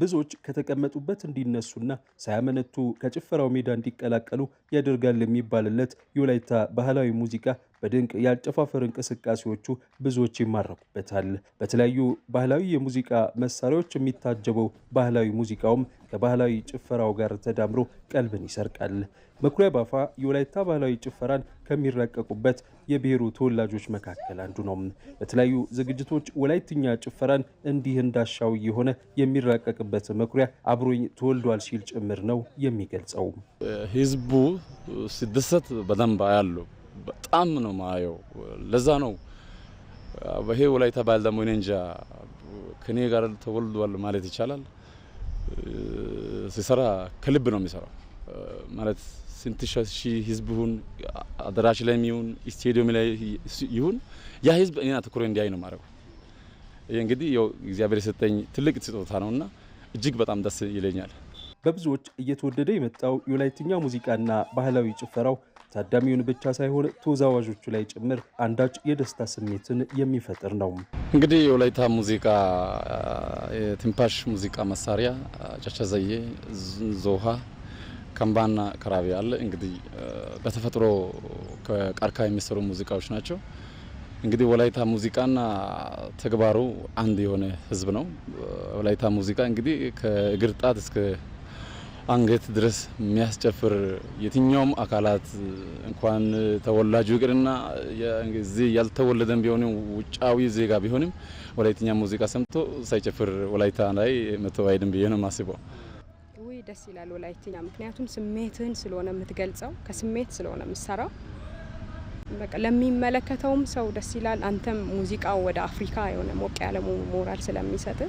ብዙዎች ከተቀመጡበት እንዲነሱና ሳያመነቱ ከጭፈራው ሜዳ እንዲቀላቀሉ ያደርጋል የሚባልለት የወላይታ ባህላዊ ሙዚቃ በድንቅ የአጨፋፈር እንቅስቃሴዎቹ ብዙዎች ይማረኩበታል። በተለያዩ ባህላዊ የሙዚቃ መሳሪያዎች የሚታጀበው ባህላዊ ሙዚቃውም ከባህላዊ ጭፈራው ጋር ተዳምሮ ቀልብን ይሰርቃል። መኩሪያ ባፋ የወላይታ ባህላዊ ጭፈራን ከሚረቀቁበት የብሔሩ ተወላጆች መካከል አንዱ ነው። በተለያዩ ዝግጅቶች ወላይትኛ ጭፈራን እንዲህ እንዳሻው የሆነ የሚረቀቅበት መኩሪያ አብሮኝ ተወልዷል ሲል ጭምር ነው የሚገልጸው። ህዝቡ ሲደሰት በደንብ አያለሁ። በጣም ነው ማየው። ለዛ ነው ይሄ ላይ ተባል ደሞ እኔ እንጃ ከኔ ጋር ተወልዷል ማለት ይቻላል። ሲሰራ ከልብ ነው የሚሰራው ማለት ስንት ሺህ ህዝብ ይሁን አዳራሽ ላይ ይሁን ስቴዲየም ላይ ይሁን ያ ህዝብ እኔን አተኩሮ እንዲያይ ነው ማድረጉ። ይህ እንግዲህ ያው እግዚአብሔር የሰጠኝ ትልቅ ስጦታ ነውና እጅግ በጣም ደስ ይለኛል። በብዙዎች እየተወደደ የመጣው የወላይትኛ ሙዚቃና ባህላዊ ጭፈራው ታዳሚውን ብቻ ሳይሆን ተወዛዋዦቹ ላይ ጭምር አንዳች የደስታ ስሜትን የሚፈጥር ነው። እንግዲህ የወላይታ ሙዚቃ የትንፋሽ ሙዚቃ መሳሪያ ጨጨዘዬ፣ ዞሃ፣ ከምባና ከራቢ አለ። እንግዲህ በተፈጥሮ ከቀርከሃ የሚሰሩ ሙዚቃዎች ናቸው። እንግዲህ ወላይታ ሙዚቃና ተግባሩ አንድ የሆነ ህዝብ ነው። ወላይታ ሙዚቃ እንግዲህ ከእግር ጣት እስከ አንገት ድረስ የሚያስጨፍር የትኛውም አካላት እንኳን ተወላጁ ይቅርና እዚህ ያልተወለደን ቢሆንም ውጫዊ ዜጋ ቢሆንም ወላይትኛ ሙዚቃ ሰምቶ ሳይጨፍር ወላይታ ላይ መቶ አይድን ብዬ ነው ማስበው። ውይ ደስ ይላል ወላይትኛ። ምክንያቱም ስሜትህን ስለሆነ የምትገልጸው ከስሜት ስለሆነ የምትሰራው በቃ ለሚመለከተውም ሰው ደስ ይላል። አንተም ሙዚቃው ወደ አፍሪካ የሆነ ሞቅ ያለ ሞራል ስለሚሰጥ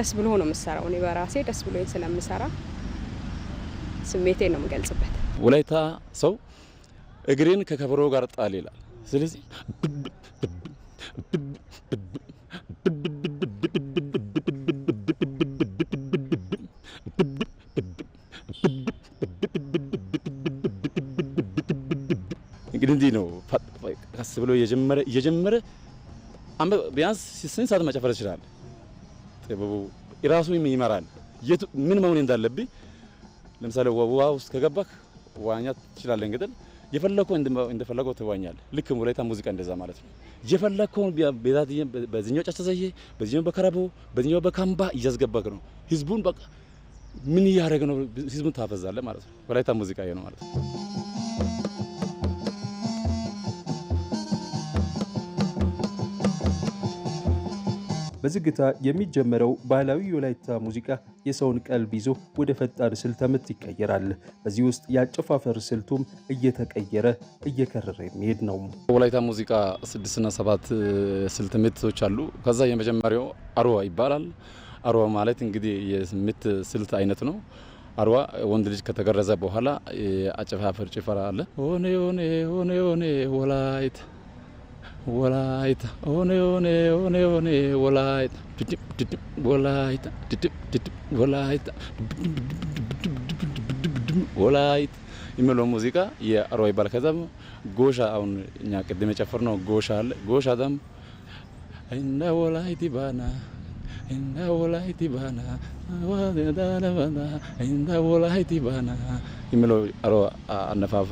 ደስ ብሎ ነው የምሰራው። እኔ በራሴ ደስ ብሎኝ ስለምሰራ ስሜቴን ነው የምገልጽበት። ወላይታ ሰው እግሬን ከከበሮ ጋር ጣል ይላል። ስለዚህ እንግዲህ እንዲህ ነው ቀስ ብሎ እየጀመረ እየጀመረ ቢያንስ ስንት ሰዓት መጨፈር ይችላል። ጥበቡ ራሱ ይመራል። የቱ ምን መሆን እንዳለብኝ ለምሳሌ ውሃ ውስጥ ከገባክ ዋኛ ትችላለህ። እንግዲህ የፈለከው እንደፈለገው ትዋኛለህ። ልክ ወላይታ ሙዚቃ እንደዛ ማለት ነው። የፈለከውን ቤታት በዚህኛው ጨርሰህ ዘዬ፣ በከረቦ፣ በዚህኛው በካምባ እያስገባክ ነው ህዝቡን። በቃ ምን እያደረገ ነው? ህዝቡን ታፈዛለህ ማለት ነው። ወላይታ ሙዚቃ ነው ማለት ነው። በዝግታ የሚጀመረው ባህላዊ የወላይታ ሙዚቃ የሰውን ቀልብ ይዞ ወደ ፈጣን ስልተ ምት ይቀየራል። በዚህ ውስጥ የአጨፋፈር ስልቱም እየተቀየረ እየከረረ የሚሄድ ነው። ወላይታ ሙዚቃ ስድስትና ሰባት ስልት ምቶች አሉ። ከዛ የመጀመሪያው አርዋ ይባላል። አርዋ ማለት እንግዲህ የምት ስልት አይነት ነው። አርዋ ወንድ ልጅ ከተገረዘ በኋላ አጨፋፈር ጭፈራ አለ ሆኔ ሆኔ ሆኔ ሆኔ ወላይት ወላይታ ኦኔ ኦኔ ኦኔ ኦኔ ወላይታ ድድብ ድድብ ወላይታ ድድብ ወላይታ ወላይታ የሚለው ሙዚቃ የአርዋ ይባላል። ጎሻ አሁን እኛ ቅድም የጨፈር ነው ጎሻ አለ። ጎሻ ዛም እንደ ወላይቲ ባና እንደ ወላይቲ ባና እንደ ወላይቲ ባና የሚለው አነፋፍ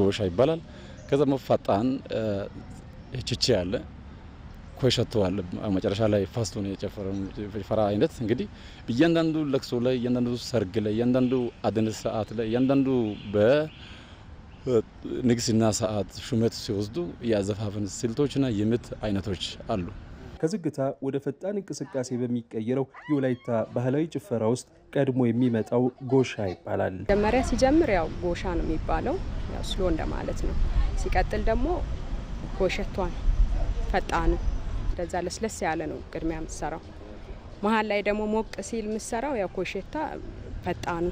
ጎሻ ይባላል። ከዛም ፈጣን ችች አለ ኮይ ሸተዋል መጨረሻ ላይ የጨፈረው ፈራ አይነት እንግዲህ እያንዳንዱ ለቅሶ ላይ እያንዳንዱ ሰርግ ላይ እያንዳንዱ አድን ሰዓት ላይ እያንዳንዱ ንግስና ሰዓት ሹመት ሲወስዱ የአዘፋፈን ስልቶችና የምት አይነቶች አሉ። ከዝግታ ወደ ፈጣን እንቅስቃሴ በሚቀየረው የወላይታ ባህላዊ ጭፈራ ውስጥ ቀድሞ የሚመጣው ጎሻ ይባላል። መጀመሪያ ሲጀምር ያው ጎሻ ነው የሚባለው፣ ያው ስሎ እንደማለት ነው። ሲቀጥል ደግሞ ጎሸቷን ፈጣኑ እንደዛ ለስለስ ያለ ነው ቅድሚያ የምትሰራው። መሀል ላይ ደግሞ ሞቅ ሲል የምትሰራው ያው ኮሸታ ፈጣኑ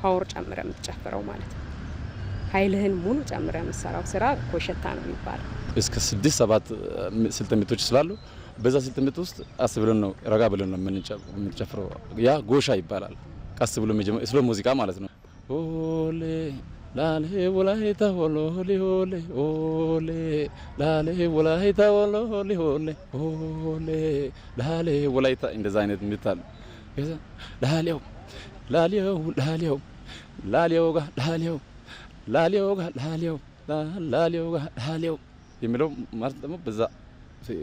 ፓወር ጨምረ የምትጨፍረው ማለት ነው። ኃይልህን ሙሉ ጨምረ የምትሰራው ስራ ኮሸታ ነው የሚባለው። እስከ ስድስት ሰባት ስልት ምቶች ስላሉ በዛ ስልት ምት ውስጥ ቀስ ብለን ነው ረጋ ብለን ነው የምንጨፍረው። ያ ጎሻ ይባላል። ቀስ ብሎ ስለ ሙዚቃ ማለት ነው ሆሌ ላሌ ወላይታ ሆሎ ሆሊ ሆሌ ሆሌ ላሌ ወላይታ ሆሎ ሆሊ ሆሌ ሆሌ ላሌ ወላይታ እንደዛ አይነት ምታል ከዛ ላሌው ላሌው ላሌው ላሌው ጋ ላሌው ላሌው ጋ ላሌው ላሌው ጋ ላሌው የሚለው ማለት ደግሞ በዛ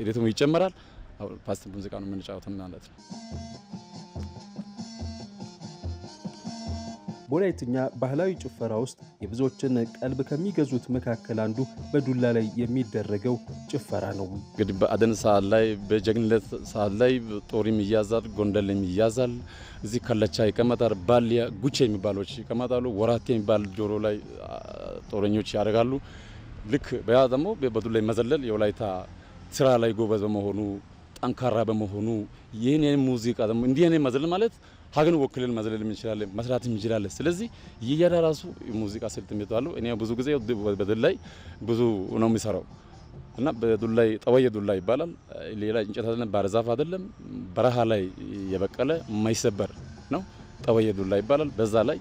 ሪትሙ ይጨመራል። ፓስት ሙዚቃ ነው የምንጫወተው ማለት ነው። በወላይትኛ ባህላዊ ጭፈራ ውስጥ የብዙዎችን ቀልብ ከሚገዙት መካከል አንዱ በዱላ ላይ የሚደረገው ጭፈራ ነው። እንግዲህ በአደን ሰዓት ላይ በጀግንነት ሰዓት ላይ ጦሪም ይያዛል፣ ጎንደልም ይያዛል። እዚህ ከለቻ ይቀመጣል፣ ባሊያ ጉቼ የሚባሎች ይቀመጣሉ፣ ወራቴ የሚባል ጆሮ ላይ ጦረኞች ያደርጋሉ። ልክ በያ ደግሞ በዱላ ላይ መዘለል የወላይታ ስራ ላይ ጎበዝ በመሆኑ ጠንካራ በመሆኑ ይህን ሙዚቃ ደግሞ እንዲህ ኔ መዝለል ማለት ሀገን ወክልል መዝለል እንችላለን፣ መስራት እንችላለን። ስለዚህ ይያዳ ራሱ ሙዚቃ ስልት የሚባለው እኔ ብዙ ጊዜ በዱላ ላይ ብዙ ነው የሚሰራው እና በዱላ ላይ ጠወየ ዱላ ይባላል። ሌላ እንጨት አይደለም፣ ባረዛፍ ዛፍ አይደለም፣ በረሃ ላይ የበቀለ የማይሰበር ነው። ጠወየ ዱላ ይባላል። በዛ ላይ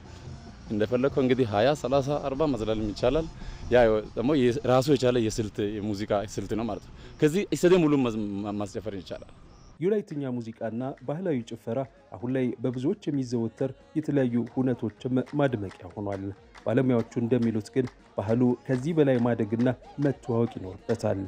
እንደፈለከው እንግዲህ 20 30 40 መዝለልም ይቻላል። ያ ደግሞ ራሱ የቻለ የስልት የሙዚቃ ስልት ነው ማለት ነው። ከዚህ ኢሰዴ ሙሉ ማስጨፈር ይቻላል። የወላይትኛ ሙዚቃና ባህላዊ ጭፈራ አሁን ላይ በብዙዎች የሚዘወተር የተለያዩ ሁነቶችም ማድመቂያ ሆኗል። ባለሙያዎቹ እንደሚሉት ግን ባህሉ ከዚህ በላይ ማደግና መተዋወቅ ይኖርበታል።